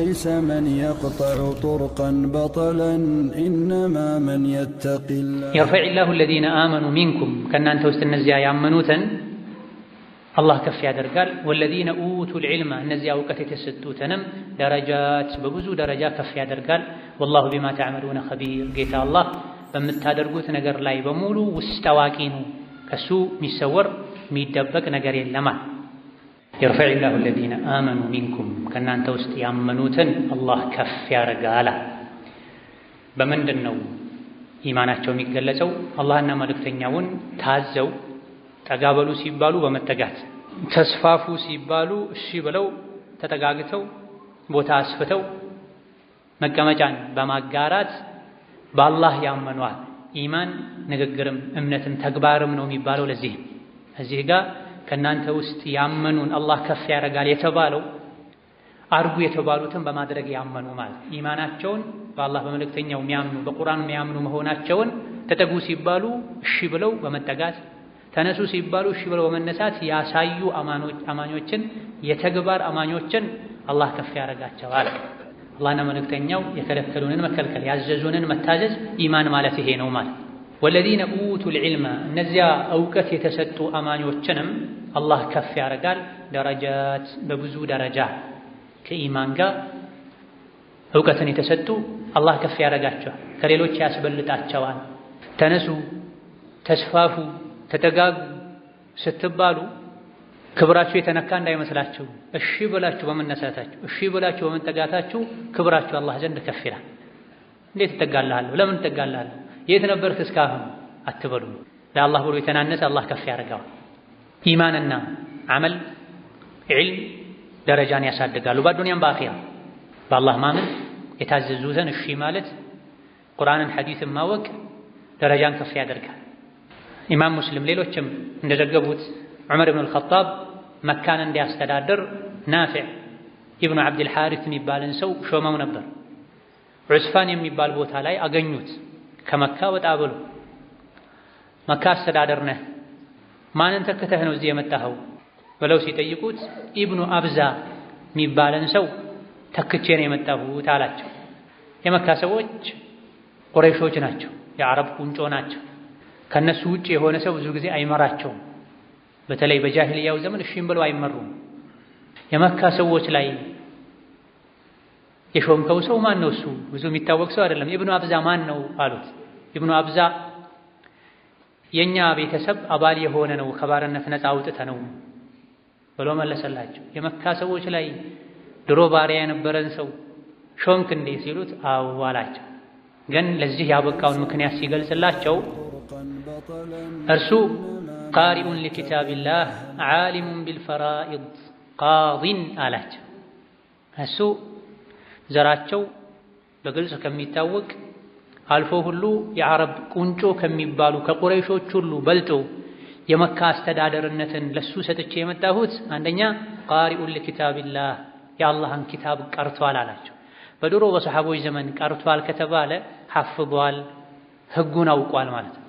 ليس من يقطع طرقا بطلا انما من يتقي الله يرفع الله الذين امنوا منكم كان انت يا يامنوتن الله كف يادرقال والذين اوتوا العلم انزيا وقت تستوتنم درجات ببزو درجة كف يادرقال والله بما تعملون خبير قيت الله بمتادرقوت نقر لاي بمولو واستواكينو كسو ميسور ميدبك نقرين لمال የርፈዕ ላሁ አለዚነ አመኑ ሚንኩም ከእናንተ ውስጥ ያመኑትን አላህ ከፍ ያደርጋል። በምንድን ነው ኢማናቸው የሚገለጸው? አላህና መልእክተኛውን ታዘው ጠጋበሉ ሲባሉ በመጠጋት ተስፋፉ ሲባሉ እሺ ብለው ተጠጋግተው ቦታ አስፍተው መቀመጫን በማጋራት በአላህ ያመኗል። ኢማን ንግግርም እምነትም ተግባርም ነው የሚባለው። ለዚህ እዚህ ጋር ከእናንተ ውስጥ ያመኑን አላህ ከፍ ያደርጋል የተባለው አርጉ የተባሉትን በማድረግ ያመኑ ማለት ኢማናቸውን በአላህ በመልእክተኛው የሚያምኑ በቁርአን የሚያምኑ መሆናቸውን ተጠጉ ሲባሉ እሺ ብለው በመጠጋት ተነሱ ሲባሉ እሺ ብለው በመነሳት ያሳዩ አማኞችን የተግባር አማኞችን አላህ ከፍ ያደርጋቸዋል። አላህና መልእክተኛው የከለከሉንን መከልከል ያዘዙንን መታዘዝ ኢማን ማለት ይሄ ነው ማለት ወለዚነ ኡቱል ዒልመ እነዚያ እውቀት የተሰጡ አማኞችንም አላህ ከፍ ያደርጋል። ደረጃት በብዙ ደረጃ ከኢማን ጋር እውቀትን የተሰጡ አላህ ከፍ ያደርጋቸዋል፣ ከሌሎች ያስበልጣቸዋል። ተነሱ፣ ተስፋፉ፣ ተጠጋጉ ስትባሉ ክብራችሁ የተነካ እንዳይመስላችሁ። እሺ ብላችሁ በመነሳታችሁ፣ እሺ ብላችሁ በመጠጋታችሁ ክብራችሁ አላህ ዘንድ ከፍ ይላል። እንዴት እጠጋልሃለሁ? ለምን እጠጋልሃለሁ? የት ነበርክ እስካሁን አትበሉ። ለአላህ ብሎ የተናነሰ አላህ ከፍ ያደርገዋል። ኢማንና አመል ዒልም ደረጃን ያሳድጋሉ፣ በአዱንያም በአኺራ። በአላህ ማመን የታዘዙትን እሺ ማለት ቁርአንን፣ ሐዲስን ማወቅ ደረጃን ከፍ ያደርጋል። ኢማም ሙስሊም ሌሎችም እንደዘገቡት ዑመር ኢብኑ አልኸጣብ መካን እንዲያስተዳድር ናፊዕ ኢብኑ ዓብድልሓሪት የሚባልን ሰው ሾመው ነበር። ዑስፋን የሚባል ቦታ ላይ አገኙት። ከመካ ወጣ ብሎ መካ አስተዳደር ነህ፣ ማንን ተክተህ ነው እዚህ የመጣኸው ብለው ሲጠይቁት ኢብኑ አብዛ የሚባለን ሰው ተክቼ ነው የመጣሁት አላቸው። የመካ ሰዎች ቁረይሾች ናቸው፣ የአረብ ቁንጮ ናቸው። ከነሱ ውጭ የሆነ ሰው ብዙ ጊዜ አይመራቸውም። በተለይ በጃሂልያው ዘመን እሺም ብለው አይመሩም። የመካ ሰዎች ላይ የሾምከው ሰው ማን ነው? እሱ ብዙ የሚታወቅ ሰው አይደለም። ኢብኑ አብዛ ማን ነው አሉት። ኢብኑ አብዛ የኛ ቤተሰብ አባል የሆነ ነው፣ ከባርነት ነፃ አውጥተ ነው ብሎ መለሰላቸው። የመካ ሰዎች ላይ ድሮ ባሪያ የነበረን ሰው ሾምክ እንዴ ሲሉት አዎ አላቸው። ግን ለዚህ ያበቃውን ምክንያት ሲገልጽላቸው እርሱ ቃሪኡን ሊኪታቢላህ ዓሊሙን ቢልፈራኢድ ቃዲን አላቸው እሱ ዘራቸው በግልጽ ከሚታወቅ አልፎ ሁሉ የአረብ ቁንጮ ከሚባሉ ከቁረይሾች ሁሉ በልጦ የመካ አስተዳደርነትን ለሱ ሰጥቼ የመጣሁት አንደኛ ቃሪኡን ሊኪታቢላህ የአላህን ኪታብ ቀርቷል አላቸው። በድሮ በሰሓቦች ዘመን ቀርቷል ከተባለ ሐፍቧል፣ ህጉን አውቋል ማለት ነው።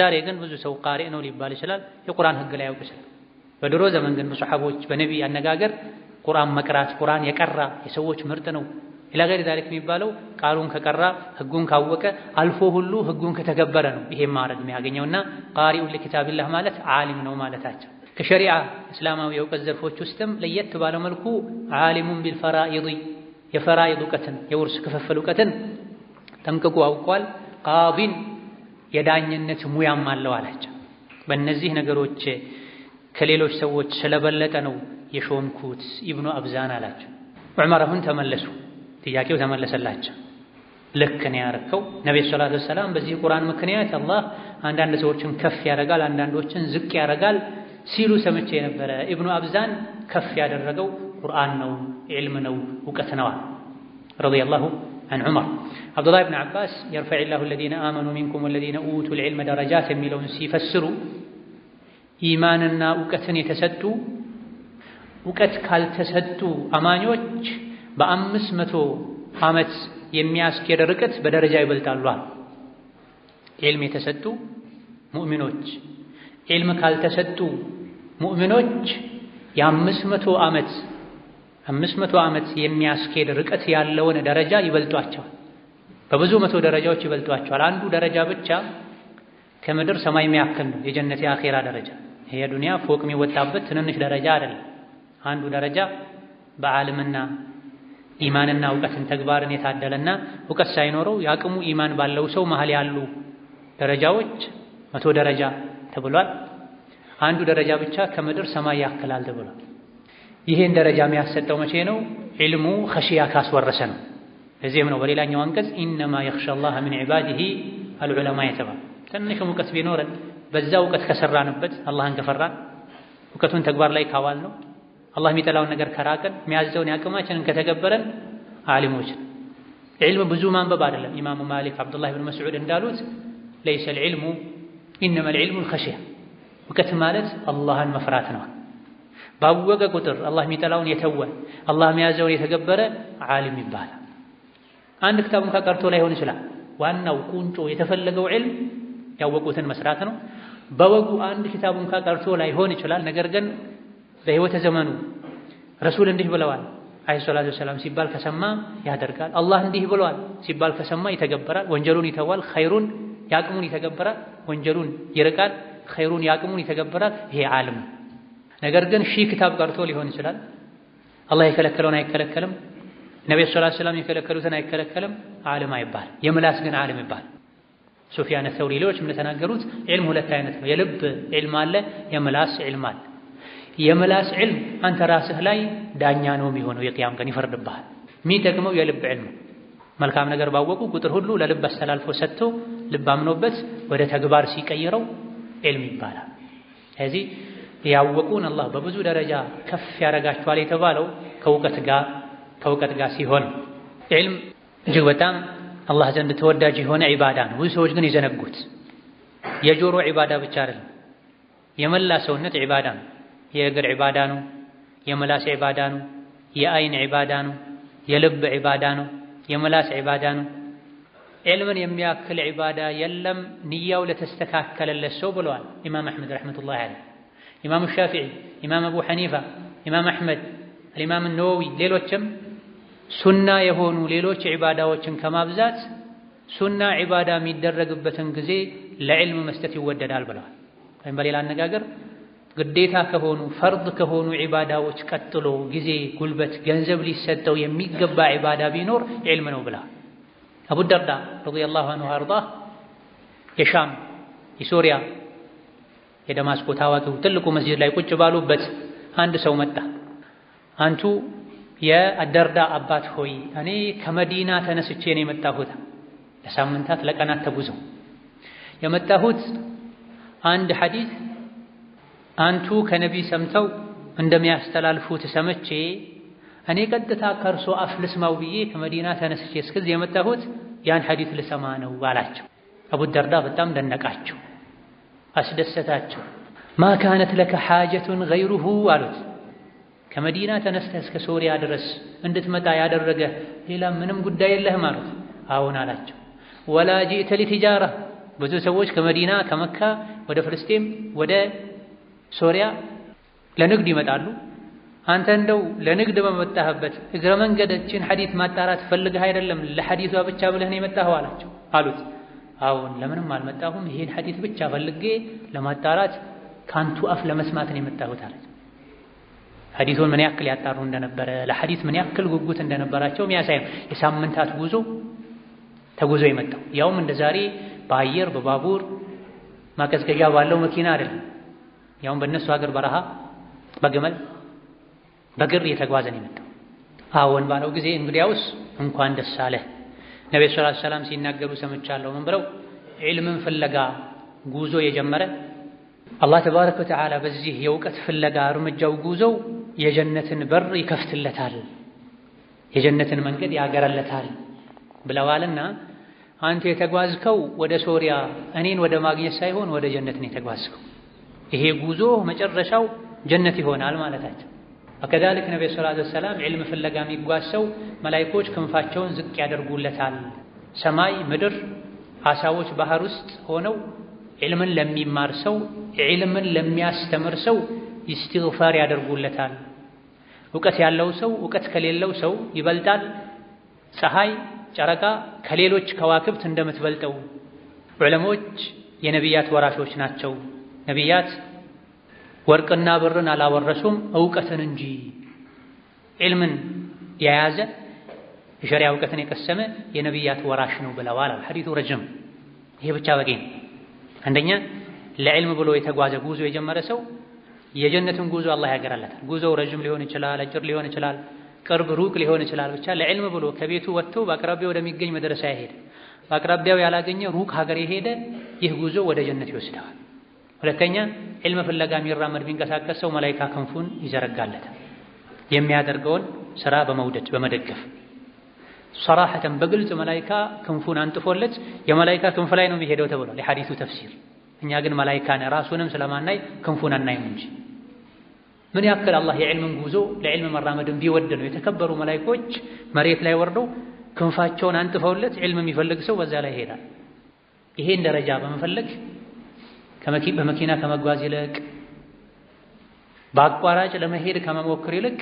ዛሬ ግን ብዙ ሰው ቃሪ ነው ሊባል ይችላል፣ የቁርአን ህግ ላይ ያውቅ ይችላል። በድሮ ዘመን ግን በሰሓቦች በነቢይ አነጋገር ቁርአን መቅራት ቁርአን የቀራ የሰዎች ምርጥ ነው ኢላ ገይሪ ዛሊክ የሚባለው ቃሉን ከቀራ ህጉን ካወቀ አልፎ ሁሉ ህጉን ከተገበረ ነው። ይሄ ማረግ የሚያገኘውና ቃሪኡ ለኪታቢላህ ማለት ዓሊም ነው ማለታቸው። ከሸሪዓ እስላማዊ የእውቀት ዘርፎች ውስጥም ለየት ባለመልኩ መልኩ ዓሊሙን ቢልፈራኢድ የፈራኢድ እውቀትን የውርስ ክፍፍል እውቀትን ጠንቅቆ አውቋል። ቃዲን የዳኝነት ሙያም አለው አላቸው። በእነዚህ ነገሮች ከሌሎች ሰዎች ስለበለጠ ነው የሾምኩት ኢብኑ አብዛን አላቸው። ዑመር አሁን ተመለሱ፣ ጥያቄው ተመለሰላቸው። ልክ ነው ያርከው። ነቢዩ ሰላቱ ወሰላም በዚህ ቁርአን ምክንያት አላህ አንዳንድ ሰዎችን ከፍ ያደርጋል፣ አንዳንዶችን ዝቅ ያደርጋል ሲሉ ሰምቼ የነበረ ኢብኑ አብዛን ከፍ ያደረገው ቁርአን ነው፣ ዒልም ነው፣ እውቀት ነዋል። ረዲየላሁ አን ዑመር አብዱላህ ብን አባስ የርፈዕ ላሁ ለዚነ አመኑ ሚንኩም ወለዚነ ኡቱል ዒልመ ደረጃት የሚለውን ሲፈስሩ ኢማንና እውቀትን የተሰጡ እውቀት ካልተሰጡ አማኞች በአምስት መቶ ዓመት የሚያስኬድ ርቀት በደረጃ ይበልጣሉ። ዒልም የተሰጡ ሙእሚኖች ዒልም ካልተሰጡ ሙእሚኖች የአምስት መቶ ዓመት አምስት መቶ ዓመት የሚያስኬድ ርቀት ያለውን ደረጃ ይበልጧቸዋል። በብዙ መቶ ደረጃዎች ይበልጧቸዋል። አንዱ ደረጃ ብቻ ከምድር ሰማይ የሚያክል ነው። የጀነት የአኼራ ደረጃ ይሄ ዱንያ ፎቅ የሚወጣበት ትንንሽ ደረጃ አይደለም። አንዱ ደረጃ በዓልምና ኢማንና እውቀትን ተግባርን የታደለና እውቀት ሳይኖረው የአቅሙ ኢማን ባለው ሰው መሀል ያሉ ደረጃዎች መቶ ደረጃ ተብሏል። አንዱ ደረጃ ብቻ ከምድር ሰማይ ያክላል ተብሏል። ይህን ደረጃ የሚያሰጠው መቼ ነው? ዒልሙ ኸሽያ ካስወረሰ ነው። እዚህም ነው በሌላኛው አንቀጽ ኢነማ አላህ ሚን ዒባዲሂ አልዑለማ የተባለ ትንሽም እውቀት ቢኖረን በዛ እውቀት ከሰራንበት አላህን ከፈራን እውቀቱን ተግባር ላይ ካዋል ነው አላህ የሚጠላውን ነገር ከራቅን የሚያዘውን ያቅማችንን ከተገበረን ዓሊሞችን ዒልም ብዙ ማንበብ አይደለም። ኢማሙ ማሊክ አብዱላህ ብን መስዑድ እንዳሉት ለይሰ ልዕልሙ ኢነመል ዒልሙ ልኸሽያ እውቀት ማለት አላህን መፍራት ነው። ባወቀ ቁጥር አላህ የሚጠላውን የተወ አላህ የሚያዘውን የተገበረ ዓሊም ይባላል። አንድ ክታቡን ከቀርቶ ላይሆን ይችላል። ዋናው ቁንጮ የተፈለገው ዒልም ያወቁትን መስራት ነው። በወጉ አንድ ክታቡን ከቀርቶ ላይሆን ይችላል ነገር ግን በህይወተ ዘመኑ ረሱል እንዲህ ብለዋል አለይሂ ሰላቱ ወሰላም ሲባል ከሰማ ያደርጋል። አላህ እንዲህ ብለዋል ሲባል ከሰማ ይተገበራል፣ ወንጀሉን ይተዋል። ኸይሩን ያቅሙን ይተገበራል፣ ወንጀሉን ይርቃል። ኸይሩን ያቅሙን ይተገበራል። ይሄ ዓለም ነገር ግን ሺህ ክታብ ቀርቶ ሊሆን ይችላል። አላህ የከለከለውን አይከለከልም፣ ነብዩ ሰለላሁ ዐለይሂ ወሰለም የከለከሉትን አይከለከልም። ዓለም አይባል፣ የምላስ ግን ዓለም ይባል። ሱፊያን ተውሪ ሌሎች እንደተናገሩት ዒልም ሁለት አይነት ነው። የልብ ዒልም አለ፣ የምላስ ዒልም አለ። የምላስ ዕልም አንተ ራስህ ላይ ዳኛ ነው የሚሆነው። የቅያም ቀን ይፈርድብሃል። የሚጠቅመው የልብ ዕልም መልካም ነገር ባወቁ ቁጥር ሁሉ ለልብ አስተላልፎ ሰጥቶ ልብ አምኖበት ወደ ተግባር ሲቀይረው ዕልም ይባላል። ስለዚህ ያወቁን አላህ በብዙ ደረጃ ከፍ ያደርጋቸዋል የተባለው ከእውቀት ጋር ከእውቀት ጋር ሲሆን ዕልም እጅግ በጣም አላህ ዘንድ ተወዳጅ የሆነ ዒባዳ ነው። ብዙ ሰዎች ግን የዘነጉት የጆሮ ዒባዳ ብቻ አይደለም፣ የመላ ሰውነት ዒባዳ ነው። የእግር ዒባዳ ነው፣ የምላስ ዒባዳ ነው፣ የአይን ዒባዳ ነው፣ የልብ ዒባዳ ነው፣ የምላስ ዒባዳ ነው። ዒልምን የሚያክል ዒባዳ የለም ንያው ለተስተካከለለት ሰው ብለዋል ኢማም አሕመድ ረሕመቱላሂ ዐለይህ። ኢማም ሻፊዒ፣ ኢማም አቡ ሐኒፋ፣ ኢማም አሕመድ፣ አልኢማም ነወዊ፣ ሌሎችም ሱና የሆኑ ሌሎች ዒባዳዎችን ከማብዛት ሱና ዒባዳ የሚደረግበትን ጊዜ ለዕልም መስጠት ይወደዳል ብለዋል። ወይም በሌላ አነጋገር ግዴታ ከሆኑ ፈርድ ከሆኑ ዒባዳዎች ቀጥሎ ጊዜ፣ ጉልበት፣ ገንዘብ ሊሰጠው የሚገባ ዒባዳ ቢኖር ዒልም ነው ብላ አቡ ደርዳ ረዲየላሁ አንሁ አርዳ የሻም የሶሪያ የደማስቆ ታዋቂው ትልቁ መስጂድ ላይ ቁጭ ባሉበት አንድ ሰው መጣ። አንቱ የአደርዳ አባት ሆይ እኔ ከመዲና ተነስቼ ነው የመጣሁት። ለሳምንታት ለቀናት ተጉዘው የመጣሁት አንድ ሐዲስ አንቱ ከነቢይ ሰምተው እንደሚያስተላልፉት ሰምቼ እኔ ቀጥታ ከእርሶ አፍ ልስማው ብዬ ከመዲና ተነስቼ እስከዚህ የመጣሁት ያን ሐዲት ልሰማ ነው አላቸው። አቡ ደርዳ በጣም ደነቃቸው፣ አስደሰታቸው። ማ ካነት ለከ ሓጀቱን ገይሩሁ አሉት። ከመዲና ተነስተህ እስከ ሶሪያ ድረስ እንድትመጣ ያደረገ ሌላ ምንም ጉዳይ የለህም አሉት። አዎን አላቸው። ወላ ጂእተ ሊትጃራ ብዙ ሰዎች ከመዲና ከመካ ወደ ፍልስጤም ወደ ሶሪያ ለንግድ ይመጣሉ። አንተ እንደው ለንግድ በመጣህበት እግረ መንገዳችን ሐዲት ማጣራት ፈልገህ አይደለም ለሐዲቷ ብቻ ብለህ ነው የመጣኸው አላቸው አሉት። አሁን ለምንም አልመጣሁም ይሄን ሐዲት ብቻ ፈልጌ ለማጣራት ካንቱ አፍ ለመስማት ነው የመጣሁት አለች። ሐዲቱን ምን ያክል ያጣሩ እንደነበረ ለሐዲት ምን ያክል ጉጉት እንደነበራቸው የሚያሳይ የሳምንታት ጉዞ ተጉዞ የመጣው ያውም እንደዛሬ በአየር በባቡር ማቀዝቀዣ ባለው መኪና አይደለም። ያውም በእነሱ ሀገር በረሃ በግመል በግር እየተጓዘ ነው የመጣው። አዎን ባለው ጊዜ እንግዲያውስ እንኳን ደስ አለህ። ነቢ ስ ሰላም ሲናገሩ ሰምቻለሁ። ምን ብለው? ዒልምን ፍለጋ ጉዞ የጀመረ አላህ ተባረከ ወተዓላ በዚህ የእውቀት ፍለጋ እርምጃው ጉዞው የጀነትን በር ይከፍትለታል፣ የጀነትን መንገድ ያገረለታል ብለዋልና አንተ የተጓዝከው ወደ ሶሪያ እኔን ወደ ማግኘት ሳይሆን ወደ ጀነት ነው የተጓዝከው። ይሄ ጉዞ መጨረሻው ጀነት ይሆናል ማለታቸው። ወከዛሊክ ነቢ ሰለላሁ ዐለይሂ ዒልም ፍለጋ የሚጓዝ ሰው መላኢኮች ክንፋቸውን ዝቅ ያደርጉለታል። ሰማይ፣ ምድር፣ አሳዎች ባህር ውስጥ ሆነው ዒልምን ለሚማር ሰው ዒልምን ለሚያስተምር ሰው ኢስቲግፋር ያደርጉለታል። እውቀት ያለው ሰው እውቀት ከሌለው ሰው ይበልጣል። ፀሐይ ጨረቃ ከሌሎች ከዋክብት እንደምትበልጠው ዑለሞች የነቢያት ወራሾች ናቸው። ነቢያት ወርቅና ብርን አላወረሱም እውቀትን እንጂ። ዒልምን የያዘ የሸሪያ እውቀትን የቀሰመ የነቢያት ወራሽ ነው ብለዋል። ሐዲቱ ረጅም፣ ይሄ ብቻ በቂ ነው። አንደኛ ለዕልም ብሎ የተጓዘ ጉዞ የጀመረ ሰው የጀነትን ጉዞ አላህ ያገራለታል። ጉዞው ረጅም ሊሆን ይችላል፣ አጭር ሊሆን ይችላል፣ ቅርብ ሩቅ ሊሆን ይችላል። ብቻ ለዕልም ብሎ ከቤቱ ወጥቶ በአቅራቢያው ወደሚገኝ መድረሳ ይሄድ፣ በአቅራቢያው ያላገኘ ሩቅ ሀገር የሄደ ይህ ጉዞ ወደ ጀነት ይወስደዋል። ሁለተኛ ዕልም ፍለጋ የሚራመድ የሚንቀሳቀስ ሰው መላይካ ክንፉን ይዘረጋለት የሚያደርገውን ስራ በመውደድ በመደገፍ ሰራሐተን በግልጽ መላይካ ክንፉን አንጥፎለት የመላይካ ክንፍ ላይ ነው የሚሄደው ተብሏል የሐዲሱ ተፍሲር። እኛ ግን መላይካን ራሱንም ስለማናይ ክንፉን አናይም እንጂ ምን ያክል አላህ የዕልምን ጉዞ ለዕልም መራመድን ቢወድ ነው የተከበሩ መላይኮች መሬት ላይ ወርደው ክንፋቸውን አንጥፈውለት ዕልም የሚፈልግ ሰው በዛ ላይ ይሄዳል። ይሄን ደረጃ በመፈለግ በመኪና ከመጓዝ ይልቅ በአቋራጭ ለመሄድ ከመሞክር ይልቅ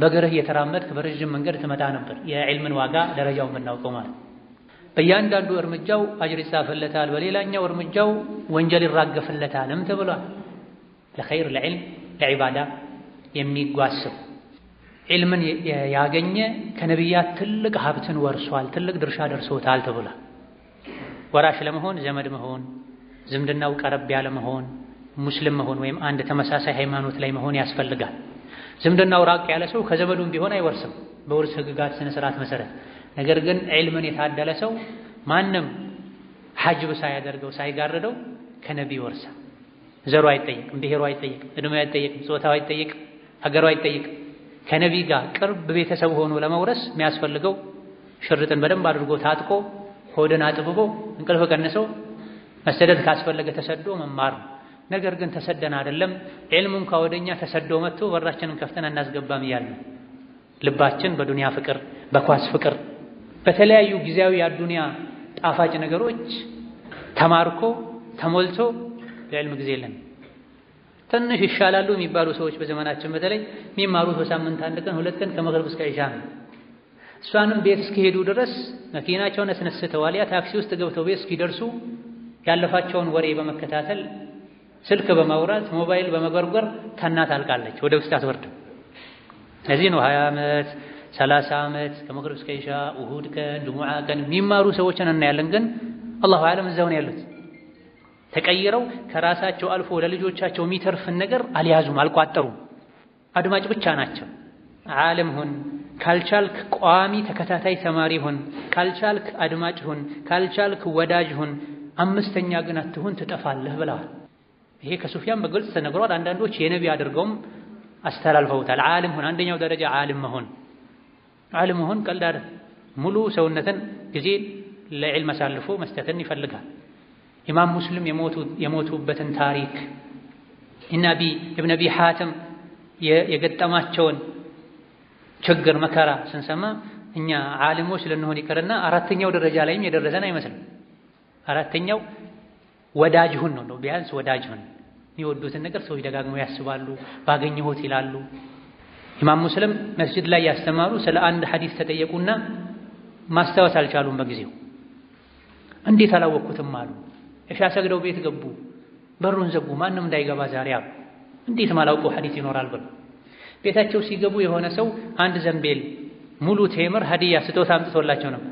በእግርህ እየተራመድክ በረዥም መንገድ ትመጣ ነበር። የዕልምን ዋጋ ደረጃው የምናውቀው ማለት በእያንዳንዱ እርምጃው አጅር ይጻፍለታል፣ በሌላኛው እርምጃው ወንጀል ይራገፍለታልም ተብሏል። ለኸይር ለዕልም ለዒባዳ የሚጓስብ ዕልምን ያገኘ ከነቢያት ትልቅ ሀብትን ወርሷል፣ ትልቅ ድርሻ ደርሶታል ተብሏል። ወራሽ ለመሆን ዘመድ መሆን ዝምድናው ቀረብ ያለ መሆን ሙስሊም መሆን ወይም አንድ ተመሳሳይ ሃይማኖት ላይ መሆን ያስፈልጋል። ዝምድናው ራቅ ያለ ሰው ከዘመዱም ቢሆን አይወርስም በውርስ ህግጋት ስነ ስርዓት መሰረት። ነገር ግን ዒልምን የታደለ ሰው ማንም ሐጅብ ሳያደርገው ሳይጋርደው ከነቢ ይወርሳ ዘሩ አይጠይቅም፣ ብሔሩ አይጠይቅም፣ እድሜው አይጠይቅም፣ ጾታው አይጠይቅም፣ ሀገሩ አይጠይቅም። ከነቢ ጋር ቅርብ ቤተሰብ ሆኖ ለመውረስ የሚያስፈልገው ሽርጥን በደንብ አድርጎ ታጥቆ ሆድን አጥብቦ እንቅልፍ ቀንሰው መሰደድ ካስፈለገ ተሰዶ መማር ነው። ነገር ግን ተሰደን አይደለም ዒልሙን ካወደኛ ተሰዶ መጥቶ በራችንን ከፍተን አናስገባም እያልን ልባችን በዱንያ ፍቅር፣ በኳስ ፍቅር፣ በተለያዩ ጊዜያዊ የአዱንያ ጣፋጭ ነገሮች ተማርኮ ተሞልቶ ለዕልም ጊዜ የለን። ትንሽ ይሻላሉ የሚባሉ ሰዎች በዘመናችን በተለይ የሚማሩት በሳምንት አንድ ቀን ሁለት ቀን ከመግሪብ እስከ ኢሻ ነው። እሷንም ቤት እስኪሄዱ ድረስ መኪናቸውን አስነስተዋል። ያ ታክሲ ውስጥ ገብተው ቤት እስኪደርሱ ያለፋቸውን ወሬ በመከታተል ስልክ በማውራት ሞባይል በመጎርጎር ከእናት አልቃለች፣ ወደ ውስጥ አትወርድም። ለዚህ ነው ሀያ ዓመት ሰላሳ ዓመት ከመግሪብ እስከ ኢሻ እሁድ ቀን ጅሙዓ ቀን የሚማሩ ሰዎችን እናያለን። ግን አላሁ አለም እዛውን ያሉት ተቀይረው ከራሳቸው አልፎ ለልጆቻቸው የሚተርፍን ነገር አልያዙም፣ አልቋጠሩም። አድማጭ ብቻ ናቸው። ዓለም ሁን ካልቻልክ ቋሚ ተከታታይ ተማሪ ሁን፣ ካልቻልክ አድማጭ ሁን፣ ካልቻልክ ወዳጅ ሁን አምስተኛ ግን አትሁን ትጠፋለህ ብለዋል። ይሄ ከሱፊያን በግልጽ ተነግሯል። አንዳንዶች የነቢ አድርገውም አስተላልፈውታል። ዓሊም ሁን፣ አንደኛው ደረጃ ዓሊም መሆን። ዓሊም መሆን ቀልድ አይደለም። ሙሉ ሰውነትን ጊዜ ለዕልም አሳልፎ መስጠትን ይፈልጋል። ኢማም ሙስሊም የሞቱበትን ታሪክ ኢብን አቢ ሐትም የገጠማቸውን ችግር መከራ ስንሰማ እኛ ዓሊሞች ልንሆን ይቅርና አራተኛው ደረጃ ላይም የደረሰን አይመስልም። አራተኛው ወዳጅ ሁን ነው። ቢያንስ ወዳጅ ሁን። የሚወዱትን ነገር ሰዎች ደጋግመው ያስባሉ፣ ባገኘሁት ይላሉ። ኢማም ሙስሊም መስጅድ ላይ ያስተማሩ ስለ አንድ ሐዲስ ተጠየቁና ማስታወስ አልቻሉም በጊዜው። እንዴት አላወቅኩትም አሉ። እሻ ሰግደው ቤት ገቡ፣ በሩን ዘጉ፣ ማንም እንዳይገባ ዛሬ አሉ። እንዴት ማላውቀው ሐዲስ ይኖራል ብለው ቤታቸው ሲገቡ የሆነ ሰው አንድ ዘንቤል ሙሉ ቴምር ሀዲያ ስጦታ አምጥቶላቸው ነበር።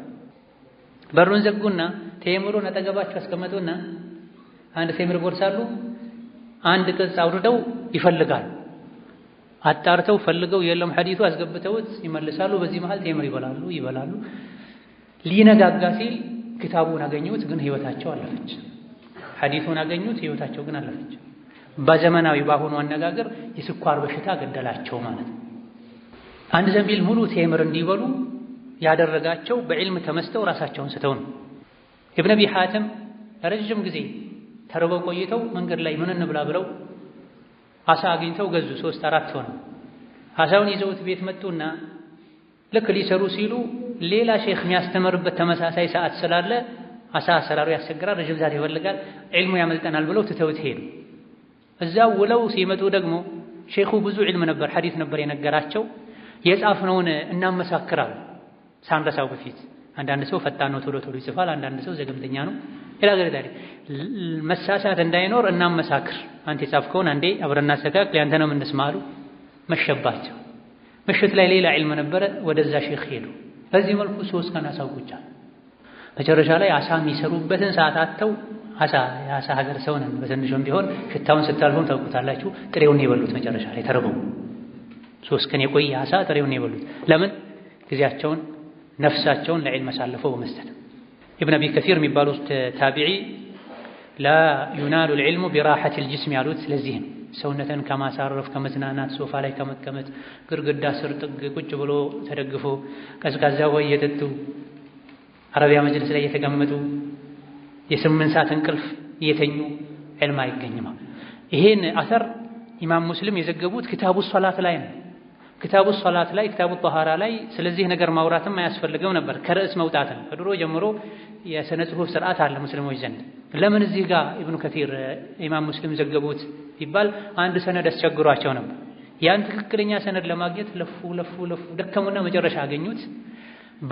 በሩን ዘጉና ቴምሩን አጠገባቸው አስቀመጡና አንድ ቴምር ጎርሳሉ፣ አንድ ቅጽ አውርደው ይፈልጋሉ። አጣርተው ፈልገው የለም ሐዲቱ አስገብተውት ይመልሳሉ። በዚህ መሃል ቴምር ይበላሉ ይበላሉ። ሊነጋጋ ሲል ክታቡን አገኙት፣ ግን ህይወታቸው አለፈች። ሐዲቱን አገኙት፣ ህይወታቸው ግን አለፈች። በዘመናዊ በአሁኑ አነጋገር የስኳር በሽታ ገደላቸው ማለት ነው። አንድ ዘንቢል ሙሉ ቴምር እንዲበሉ ያደረጋቸው በዕልም ተመስተው ራሳቸውን ስተው ነው። ኢብን አቢ ሐትም ረጅም ጊዜ ተርበው ቆይተው መንገድ ላይ ምን እንብላ ብለው አሳ አግኝተው ገዙ። ሶስት አራት ሆነ። አሳውን ይዘውት ቤት መጡና ልክ ሊሰሩ ሲሉ ሌላ ሼክ የሚያስተምርበት ተመሳሳይ ሰዓት ስላለ አሳ አሰራሩ ያስቸግራል፣ ረጅም ሰዓት ይፈልጋል፣ ዒልሙ ያመልጠናል ብለው ትተውት ሄዱ። እዛ ውለው ሲመጡ ደግሞ ሼኹ ብዙ ዒልም ነበር፣ ሐዲስ ነበር የነገራቸው። የጻፍነውን እናመሳክራል ሳንረሳው በፊት አንዳንድ ሰው ፈጣን ነው፣ ቶሎ ቶሎ ይጽፋል። አንዳንድ ሰው ዘገምተኛ ነው። ሌላ ገር መሳሳት እንዳይኖር እናመሳክር። አንተ የጻፍከውን አንዴ አብረና እናስተካክል፣ ያንተ ነው የምንስማ አሉ። መሸባቸው። ምሽት ላይ ሌላ ዒልም ነበረ፣ ወደዛ ሼክ ሄዱ። በዚህ መልኩ ሶስት ቀን አሳውጃል። መጨረሻ ላይ አሳ የሚሰሩበትን ሰዓት አተው አሳ የአሳ ሀገር ሰው ነን፣ በትንሹም ቢሆን ሽታውን ስታልፉም ታውቁታላችሁ። ጥሬውን የበሉት መጨረሻ ላይ ተረበው። ሶስት ቀን የቆየ አሳ ጥሬውን የበሉት ለምን ጊዜያቸውን ነፍሳቸውን ለዕልም አሳልፈው በመስጠት ኢብን አቢ ከሲር የሚባሉት ታቢዒ ላ ዩናሉ ልዕልሙ ቢራሐት ልጅስም ያሉት ለዚህ ነው። ሰውነትን ከማሳረፍ ከመዝናናት፣ ሶፋ ላይ ከመቀመጥ፣ ግርግዳ ስር ጥግ ቁጭ ብሎ ተደግፎ ቀዝቃዛ ወይ እየጠጡ አረቢያ መጅልስ ላይ እየተቀመጡ የስምንት ሰዓት እንቅልፍ እየተኙ ዕልም አይገኝም። ይሄን አተር ኢማም ሙስሊም የዘገቡት ክታቡ ሶላት ላይ ነው። ክታቡ ሶላት ላይ ክታቡ ጦሃራ ላይ ስለዚህ ነገር ማውራትም አያስፈልገው ነበር፣ ከርዕስ መውጣትም። ከድሮ ጀምሮ የስነ ጽሁፍ ስርዓት አለ ሙስሊሞች ዘንድ። ለምን እዚህ ጋር ኢብኑ ከቲር ኢማም ሙስሊም ዘገቡት ይባል አንድ ሰነድ አስቸግሯቸው ነበር። ያን ትክክለኛ ሰነድ ለማግኘት ለፉ ለፉ ለፉ ደከሙና መጨረሻ አገኙት።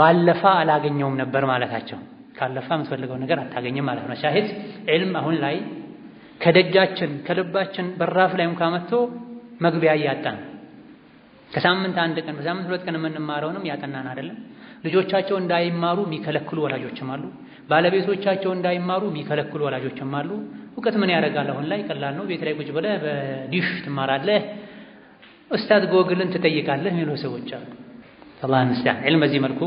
ባለፋ አላገኘውም ነበር ማለታቸው፣ ካለፋ የምትፈልገው ነገር አታገኝም ማለት ነው። ሻሂድ ዕልም አሁን ላይ ከደጃችን ከልባችን በራፍ ላይ እንኳ መጥቶ መግቢያ እያጣ ነው። ከሳምንት አንድ ቀን በሳምንት ሁለት ቀን የምንማረውንም ያጠናን አይደለም። ልጆቻቸው እንዳይማሩ የሚከለክሉ ወላጆችም አሉ። ባለቤቶቻቸው እንዳይማሩ የሚከለክሉ ወላጆችም አሉ። እውቀት ምን ያደርጋል? አሁን ላይ ቀላል ነው። ቤት ላይ ቁጭ ብለህ በዲሽ ትማራለህ፣ ኡስታዝ ጎግልን ትጠይቃለህ የሚሉ ሰዎች አሉ። አላህ እንስያን ዒልም በዚህ መልኩ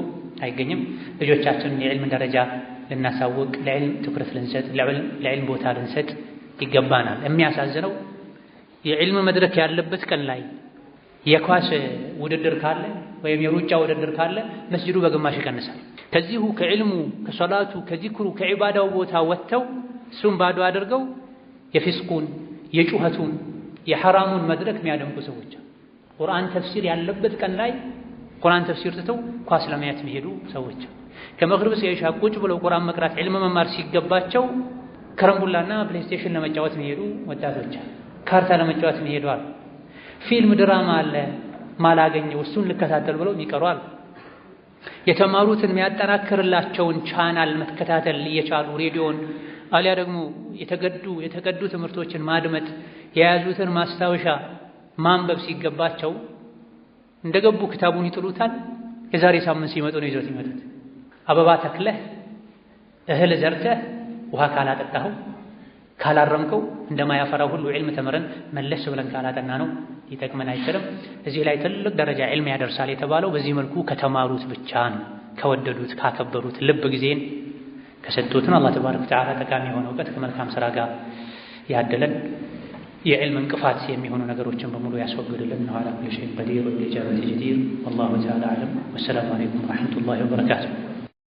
አይገኝም። ልጆቻችንን የዕልምን ደረጃ ልናሳውቅ፣ ለዕልም ትኩረት ልንሰጥ፣ ለዕልም ቦታ ልንሰጥ ይገባናል። የሚያሳዝነው የዕልም መድረክ ያለበት ቀን ላይ የኳስ ውድድር ካለ ወይም የሩጫ ውድድር ካለ መስጅዱ በግማሽ ይቀንሳል። ከዚሁ ከዕልሙ ከሶላቱ ከዚክሩ ከዒባዳው ቦታ ወጥተው እሱም ባዶ አድርገው የፊስቁን የጩኸቱን የሐራሙን መድረክ የሚያደምቁ ሰዎች ቁርአን ተፍሲር ያለበት ቀን ላይ ቁርአን ተፍሲር ትተው ኳስ ለማየት የሚሄዱ ሰዎች ከመግሪብ እስከ ኢሻ ቁጭ ብለው ቁርአን መቅራት ዕልም መማር ሲገባቸው ከረምቡላና ፕሌይስቴሽን ለመጫወት የሚሄዱ ወጣቶች፣ ካርታ ለመጫወት የሚሄዱ አሉ። ፊልም ድራማ አለ ማላገኘ እሱን ልከታተል ብለው የሚቀሩ አሉ። የተማሩትን የሚያጠናክርላቸውን ቻናል መከታተል እየቻሉ ሬዲዮን አሊያ ደግሞ የተገዱ የተቀዱ ትምህርቶችን ማድመጥ የያዙትን ማስታወሻ ማንበብ ሲገባቸው እንደገቡ ክታቡን ይጥሉታል። የዛሬ ሳምንት ሲመጡ ነው ይዞት ይመጡት። አበባ ተክለህ እህል ዘርተህ ውሃ ካላጠጣኸው ካላረምከው እንደማያፈራው ሁሉ ዒልም ተምረን መለስ ብለን ካላጠና ነው ሊጠቅመን አይችልም። እዚህ ላይ ትልቅ ደረጃ ዒልም ያደርሳል የተባለው በዚህ መልኩ ከተማሩት ብቻ ነው። ከወደዱት ካከበሩት፣ ልብ ጊዜን ከሰጡትን አላህ ተባረከ ወተዓላ ጠቃሚ የሆነ እውቀት ከመልካም ስራ ጋር ያደለን የዕልም እንቅፋት የሚሆኑ ነገሮችን በሙሉ ያስወግድልን። ነው አላ ኩሊ ሸይ ቀዲር ወልኢጃበቲ ጀዲር ወላሁ ተዓላ አዕለም። ወሰላሙ አለይኩም ወረሕመቱላሂ ወበረካቱ